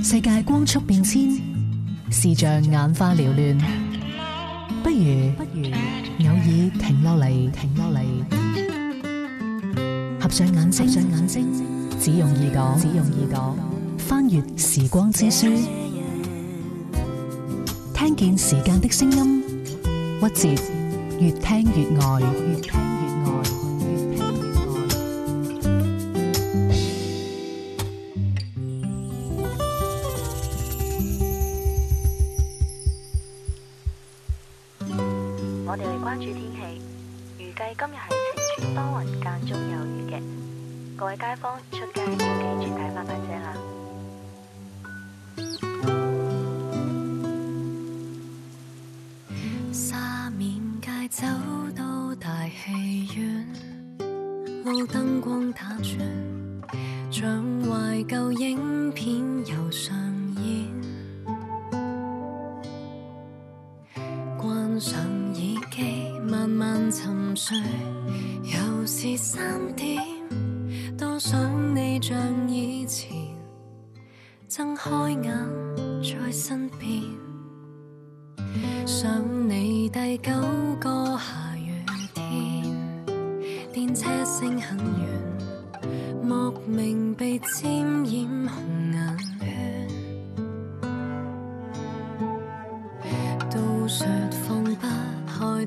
世界光速變遷，視像眼花繚亂，不如，不如偶爾停落嚟，停落嚟合上眼睛，合上眼只用耳朵翻閱時光之書，聽見時間的聲音，屈折越聽越愛。越今日係。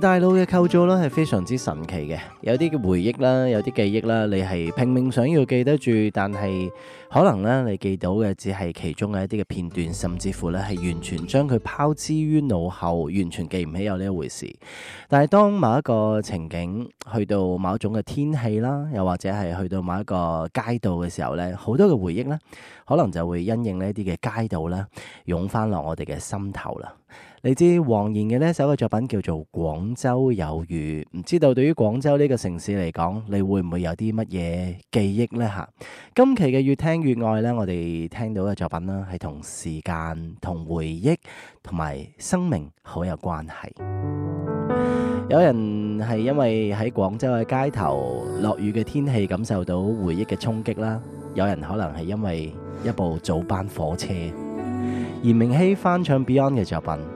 大腦嘅構造咧係非常之神奇嘅，有啲嘅回憶啦，有啲記憶啦，你係拼命想要記得住，但係可能咧你記到嘅只係其中嘅一啲嘅片段，甚至乎咧係完全將佢拋之於腦後，完全記唔起有呢一回事。但係當某一個情景去到某一種嘅天氣啦，又或者係去到某一個街道嘅時候咧，好多嘅回憶咧可能就會因應呢啲嘅街道咧湧翻落我哋嘅心頭啦。你知黃言嘅呢首嘅作品叫做《廣州有雨》，唔知道對於廣州呢個城市嚟講，你會唔會有啲乜嘢記憶呢？吓，今期嘅越聽越愛呢，我哋聽到嘅作品啦，係同時間、同回憶、同埋生命好有關係。有人係因為喺廣州嘅街頭落雨嘅天氣感受到回憶嘅衝擊啦，有人可能係因為一部早班火車，嚴明熙翻唱 Beyond 嘅作品。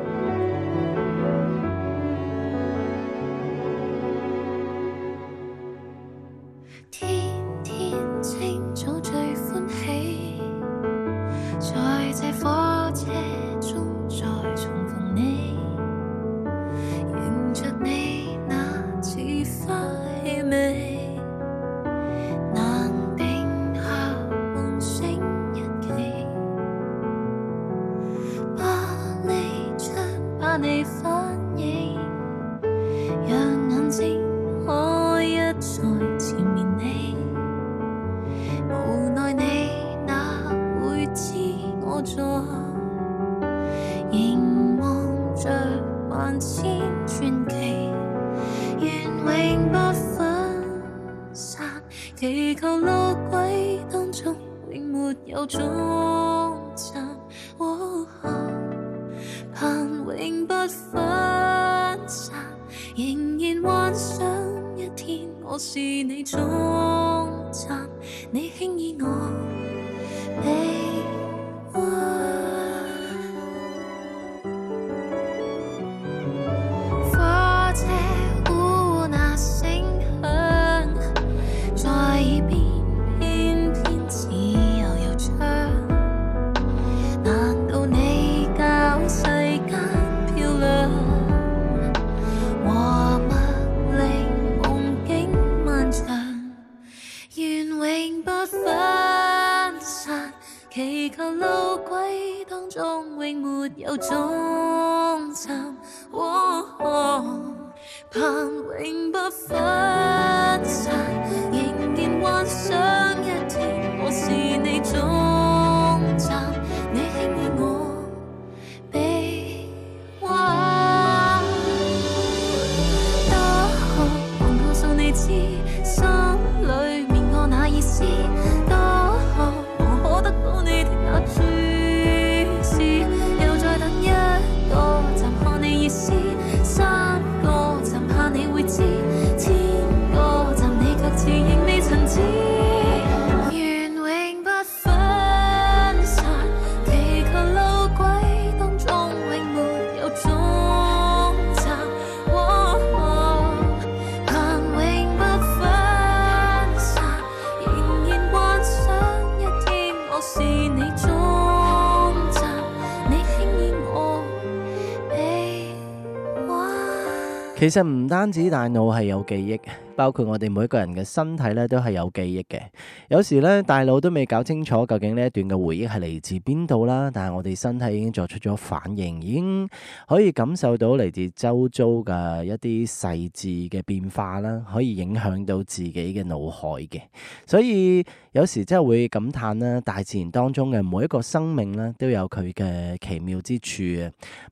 其實唔單止大腦係有記憶。包括我哋每一個人嘅身體咧，都係有記憶嘅。有時咧，大腦都未搞清楚究竟呢一段嘅回憶係嚟自邊度啦。但係我哋身體已經作出咗反應，已經可以感受到嚟自周遭嘅一啲細緻嘅變化啦，可以影響到自己嘅腦海嘅。所以有時真係會感嘆啦，大自然當中嘅每一個生命咧，都有佢嘅奇妙之處啊！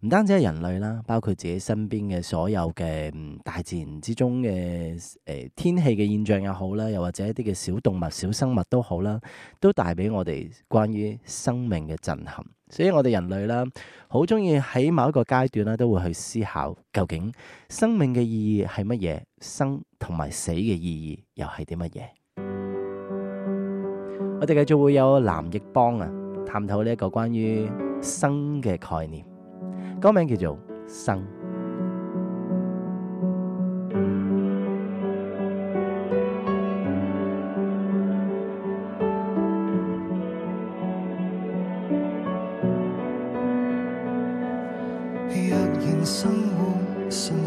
唔單止係人類啦，包括自己身邊嘅所有嘅大自然之中嘅。天氣嘅現象又好啦，又或者一啲嘅小動物、小生物都好啦，都帶俾我哋關於生命嘅震撼。所以我哋人類啦，好中意喺某一個階段啦，都會去思考究竟生命嘅意義係乜嘢，生同埋死嘅意義又係啲乜嘢？我哋繼續會有藍奕邦啊，探討呢一個關於生嘅概念，歌、那個、名叫做《生》。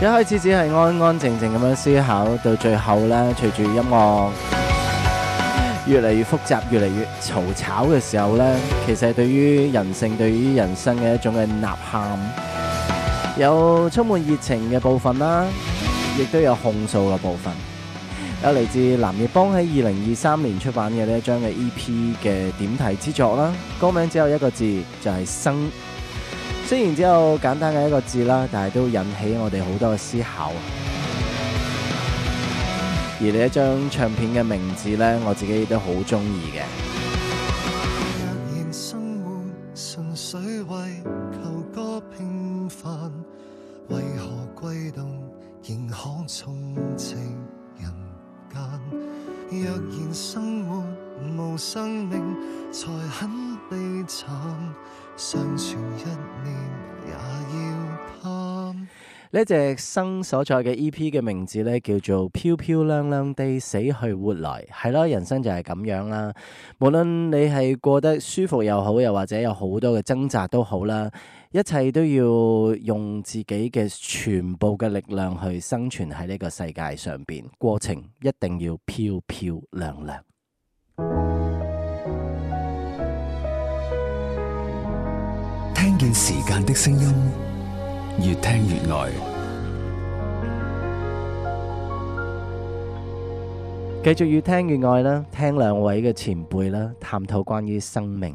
一開始只係安安靜靜咁樣思考，到最後咧，隨住音樂越嚟越複雜，越嚟越嘈吵嘅時候咧，其實係對於人性、對於人生嘅一種嘅吶喊，有充滿熱情嘅部分啦，亦都有控訴嘅部分。有嚟自藍奕邦喺二零二三年出版嘅呢一張嘅 E.P. 嘅點題之作啦，歌名只有一個字，就係生。雖然只有簡單嘅一個字啦，但係都引起我哋好多嘅思考。而這張唱片嘅名字呢，我自己都好鍾意嘅。呢隻生所在嘅 E.P. 嘅名字咧，叫做飄飄娘娘《漂漂亮亮地死去活來》，係咯，人生就係咁樣啦。無論你係過得舒服又好，又或者有很多的掙好多嘅掙扎都好啦，一切都要用自己嘅全部嘅力量去生存喺呢個世界上邊，過程一定要漂漂亮亮。聽見時間的聲音。越聽越愛，越聽越愛，繼續越聽越愛啦！聽兩位嘅前輩啦，探討關於生命。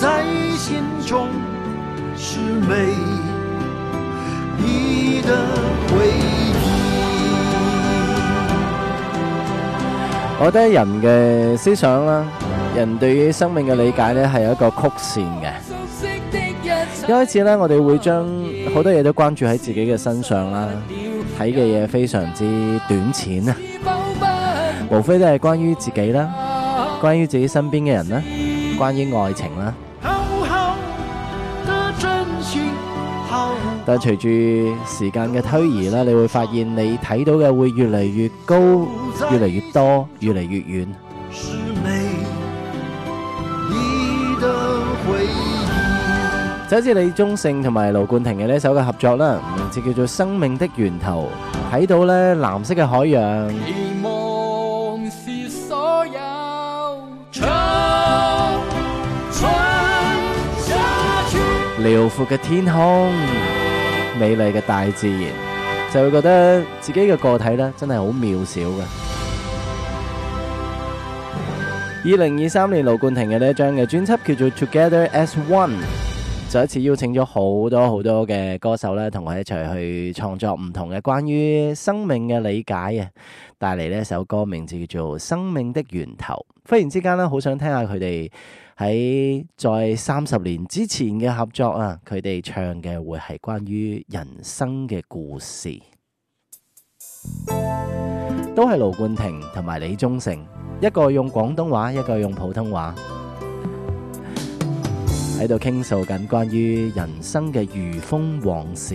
在心中，是美。我覺得人嘅思想啦，人對於生命嘅理解咧，係有一個曲線嘅。一開始咧，我哋會將好多嘢都關注喺自己嘅身上啦，睇嘅嘢非常之短淺啊，無非都係關於自己啦，關於自，自己身邊嘅人啦。關於愛情啦，但係隨住時間嘅推移咧，你會發現你睇到嘅會越嚟越高，越嚟越多，越嚟越遠。就好似李宗盛同埋盧冠廷嘅呢首嘅合作啦，名字叫做《生命的源頭》，睇到呢藍色嘅海洋。遼闊嘅天空，美麗嘅大自然，就會覺得自己嘅個體真係好渺小㗎。二零二三年，盧冠廷嘅呢張嘅專輯叫做《Together as One》，就一次邀請咗好多好多嘅歌手咧，同我一齊去創作唔同嘅關於生命嘅理解啊！帶嚟呢首歌，名字叫做《生命的源頭》。忽然之間呢，好想聽下佢哋喺在三十年之前嘅合作啊，佢哋唱嘅會係關於人生嘅故事，都係盧冠廷同埋李宗盛，一個用廣東話，一個用普通話，喺度傾訴緊關於人生嘅如風往事。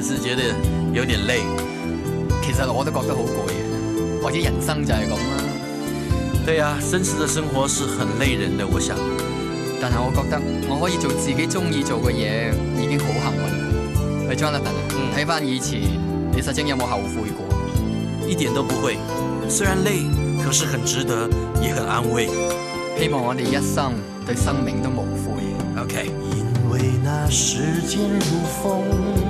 只是覺得有點累，其實我都覺得好攰，或者人生就係咁啦。對呀、啊，真實的生活是很累人的，我想。但係我覺得我可以做自己中意做嘅嘢，已經好幸運。係張樂騰睇翻以前，你曾經有冇後悔過，一點都不會。雖然累，可是很值得，也很安慰。希望我哋一生對生命都無悔。OK。因為那時間如風。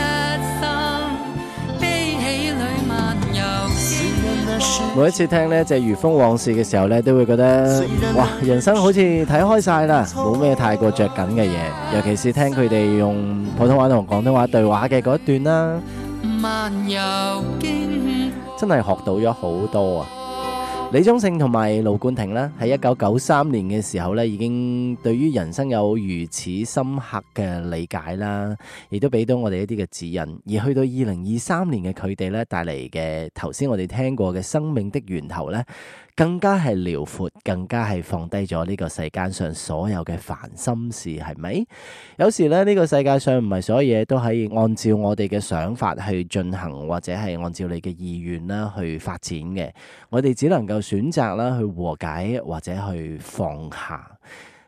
每一次聽呢隻《如風往事》嘅時候呢，都會覺得哇，人生好似睇開晒啦，冇咩太過着緊嘅嘢。尤其是聽佢哋用普通話同廣東話對話嘅嗰一段啦，真係學到咗好多啊！李宗盛同埋盧冠廷咧，喺一九九三年嘅時候咧，已經對於人生有如此深刻嘅理解啦，亦都俾到我哋一啲嘅指引。而去到二零二三年嘅佢哋咧，帶嚟嘅頭先我哋聽過嘅《生命的源頭》咧。更加係遼闊，更加係放低咗呢個世間上所有嘅煩心事，係咪？有時咧，呢、這個世界上唔係所有嘢都可以按照我哋嘅想法去進行，或者係按照你嘅意願啦去發展嘅。我哋只能夠選擇啦去和解或者去放下。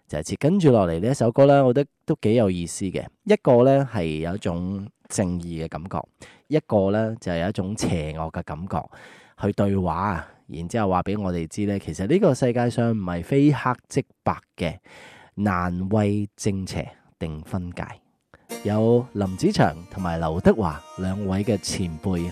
就係、是、接跟住落嚟呢一首歌咧，我覺得都幾有意思嘅。一個咧係有一種正義嘅感覺，一個咧就係、是、有一種邪惡嘅感覺去對話啊！然之後話俾我哋知咧，其實呢個世界上唔係非黑即白嘅，難為正邪定分界。有林子祥同埋劉德華兩位嘅前輩。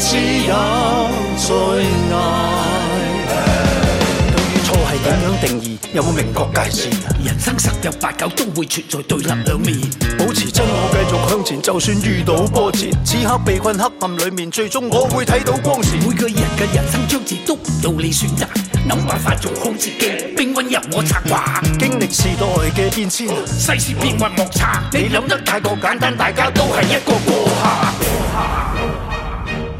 只有對於錯係點樣定義？有冇明確界線？人生十有八九都會存在對立兩面，保持真我，繼續向前，就算遇到波折，此刻被困黑暗裏面，最終我會睇到光線。每個人嘅人生章節都唔到你選擇，諗辦法做好自己。兵困入我策劃、嗯嗯，經歷時代嘅變遷，世事變幻莫測，嗯、你諗得太過簡單，大家都係一個過客。過客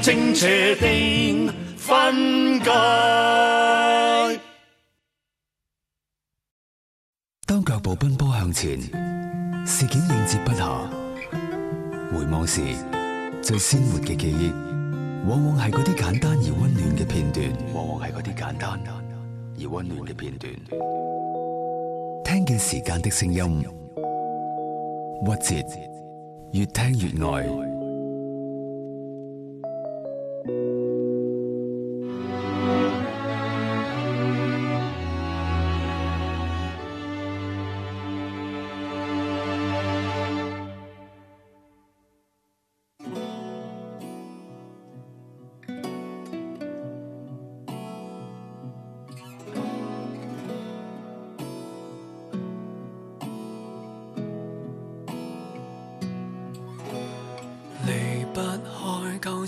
正定分當腳步奔波向前，事件應接不暇。回望時，最鮮活嘅記憶，往往係嗰啲簡單而溫暖嘅片段。往往係嗰啲簡單而溫暖嘅片段。聽見時間的聲音，曲折，越聽越愛。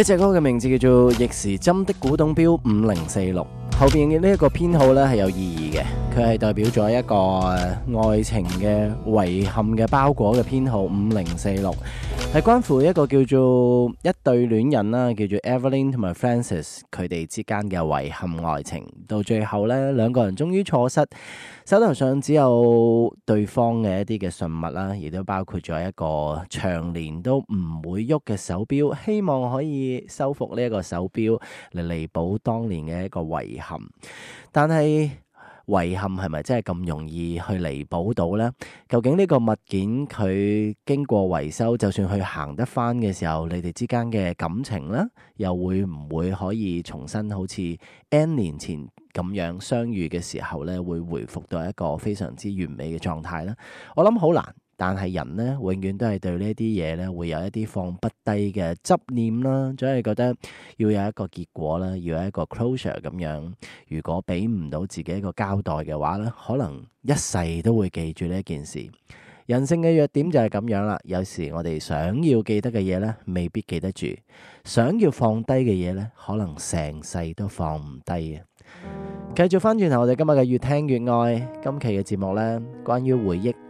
呢隻歌嘅名字叫做《逆時針的古董錶》，五零四六後邊嘅呢一個編號咧係有意義嘅，佢係代表咗一個愛情嘅遺憾嘅包裹嘅編號，五零四六。係關乎一個叫做一對戀人啦，叫做 Evelyn 同埋 Francis 佢哋之間嘅遺憾愛情，到最後咧，兩個人終於錯失，手頭上只有對方嘅一啲嘅信物啦，亦都包括咗一個長年都唔會喐嘅手錶，希望可以修復呢一個手錶嚟彌補當年嘅一個遺憾，但係。遺憾係咪真係咁容易去彌補到咧？究竟呢個物件佢經過維修，就算佢行得翻嘅時候，你哋之間嘅感情咧，又會唔會可以重新好似 N 年前咁樣相遇嘅時候咧，會回復到一個非常之完美嘅狀態咧？我諗好難。但係人呢，永遠都係對這些呢啲嘢呢，會有一啲放不低嘅執念啦，總係覺得要有一個結果啦，要有一個 closure 咁樣。如果俾唔到自己一個交代嘅話呢，可能一世都會記住呢件事。人性嘅弱點就係咁樣啦。有時我哋想要記得嘅嘢呢，未必記得住；想要放低嘅嘢呢，可能成世都放唔低嘅。繼續翻轉頭，我哋今日嘅越聽越愛今期嘅節目呢，關於回憶。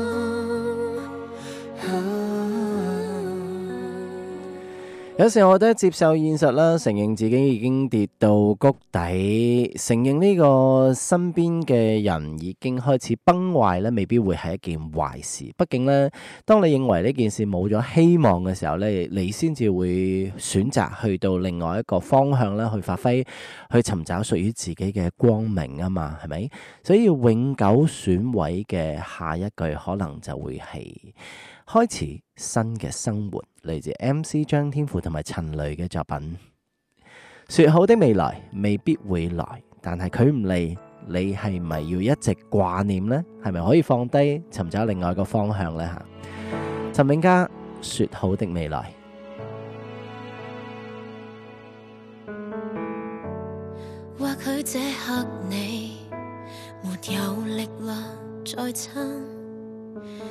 有時我覺得接受現實啦，承認自己已經跌到谷底，承認呢個身邊嘅人已經開始崩壞咧，未必會係一件壞事。畢竟咧，當你認為呢件事冇咗希望嘅時候咧，你先至會選擇去到另外一個方向啦，去發揮，去尋找屬於自己嘅光明啊嘛，係咪？所以永久損毀嘅下一句可能就會係開始新嘅生活。嚟自 MC 張天賦同埋陳雷嘅作品，說好的未來未必會來，但係佢唔嚟，你係咪要一直掛念呢？係咪可以放低，尋找另外一個方向呢？吓，陳永嘉說好的未來，或許這刻你沒有力量再撐。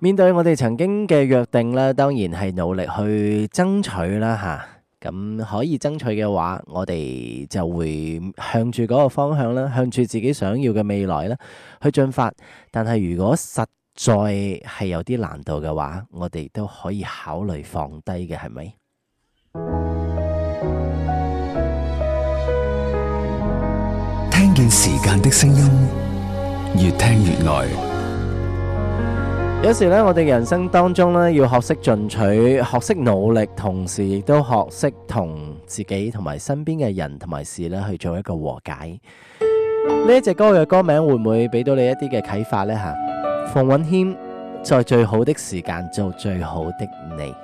面對我哋曾經嘅約定啦，當然係努力去爭取啦，吓，咁可以爭取嘅話，我哋就會向住嗰個方向啦，向住自己想要嘅未來啦去進發。但係如果實在係有啲難度嘅話，我哋都可以考慮放低嘅，係咪？聽見時間的聲音，越聽越耐。有時咧，我哋人生當中咧，要學識進取，學識努力，同時亦都學識同自己同埋身邊嘅人同埋事咧去做一個和解。呢一隻歌嘅歌名會唔會俾到你一啲嘅啟發呢？吓，馮允謙在最好的時間做最好的你。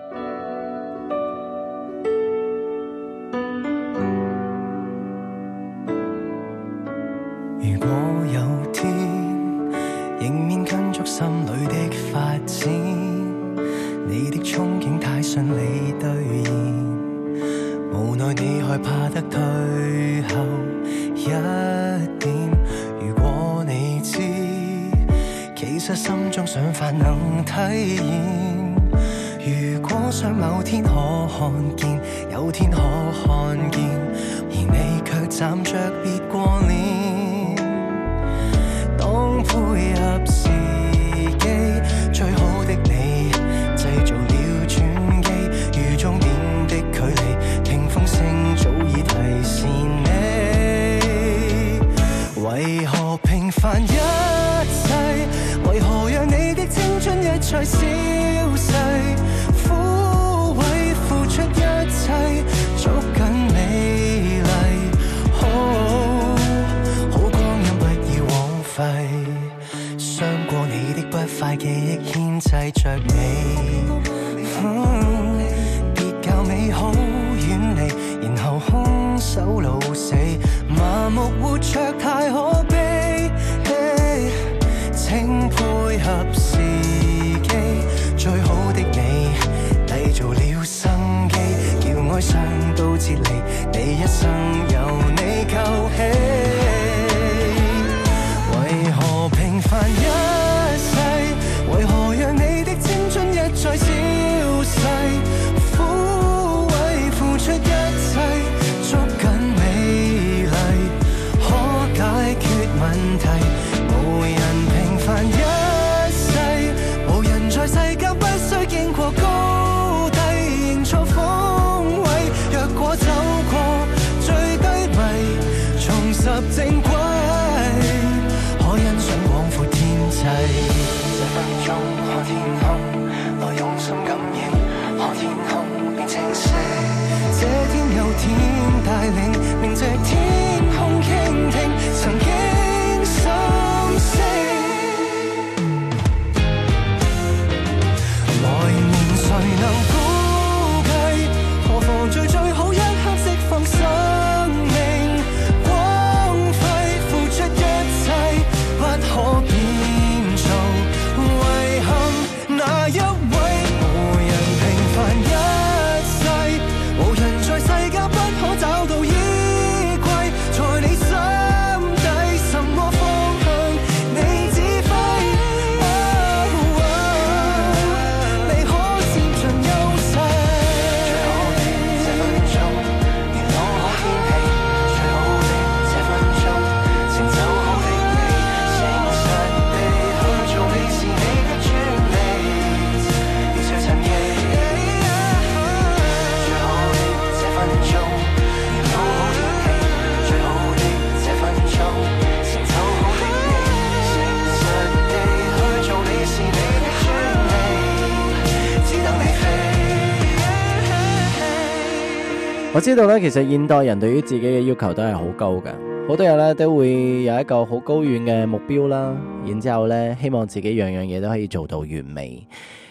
知道咧，其實現代人對於自己嘅要求都係好高㗎，好多人咧都會有一個好高遠嘅目標啦，然之後咧希望自己樣樣嘢都可以做到完美。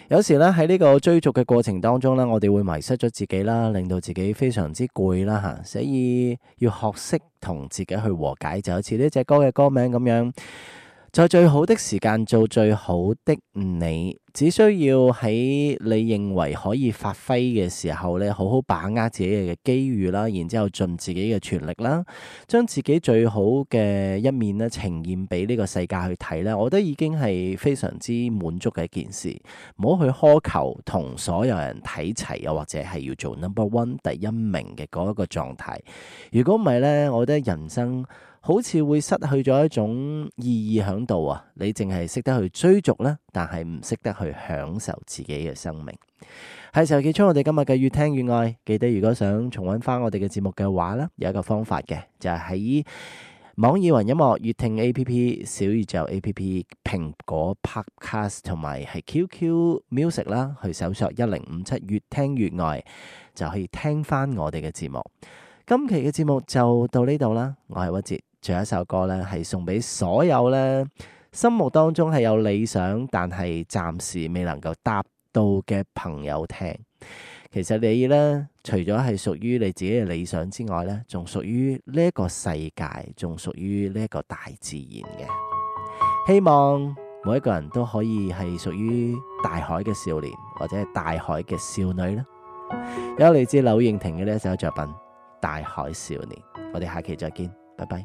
有時咧喺呢個追逐嘅過程當中咧，我哋會迷失咗自己啦，令到自己非常之攰啦吓，所以要學識同自己去和解，就好似呢隻歌嘅歌名咁樣。在最好的時間做最好的你，只需要喺你認為可以發揮嘅時候咧，好好把握自己嘅機遇啦，然之後盡自己嘅全力啦，將自己最好嘅一面咧呈現俾呢個世界去睇咧，我覺得已經係非常之滿足嘅一件事。唔好去苛求同所有人睇齊，又或者係要做 number one 第一名嘅嗰一個狀態。如果唔係咧，我覺得人生。好似會失去咗一種意義響度啊！你淨係識得去追逐啦，但係唔識得去享受自己嘅生命。係時候結束我哋今日嘅越聽越愛。記得如果想重溫翻我哋嘅節目嘅話呢，有一個方法嘅，就係喺網易雲音樂、越聽 A P P、小宇宙 A P P、蘋果 Podcast 同埋係 Q Q Music 啦，去搜索一零五七越聽越愛，就可以聽翻我哋嘅節目。今期嘅節目就到呢度啦，我係屈哲。仲有一首歌咧，係送俾所有咧，心目當中係有理想但係暫時未能夠達到嘅朋友聽。其實你咧，除咗係屬於你自己嘅理想之外咧，仲屬於呢一個世界，仲屬於呢一個大自然嘅。希望每一個人都可以係屬於大海嘅少年，或者係大海嘅少女啦。有嚟自柳應廷嘅呢一首作品《大海少年》，我哋下期再見，拜拜。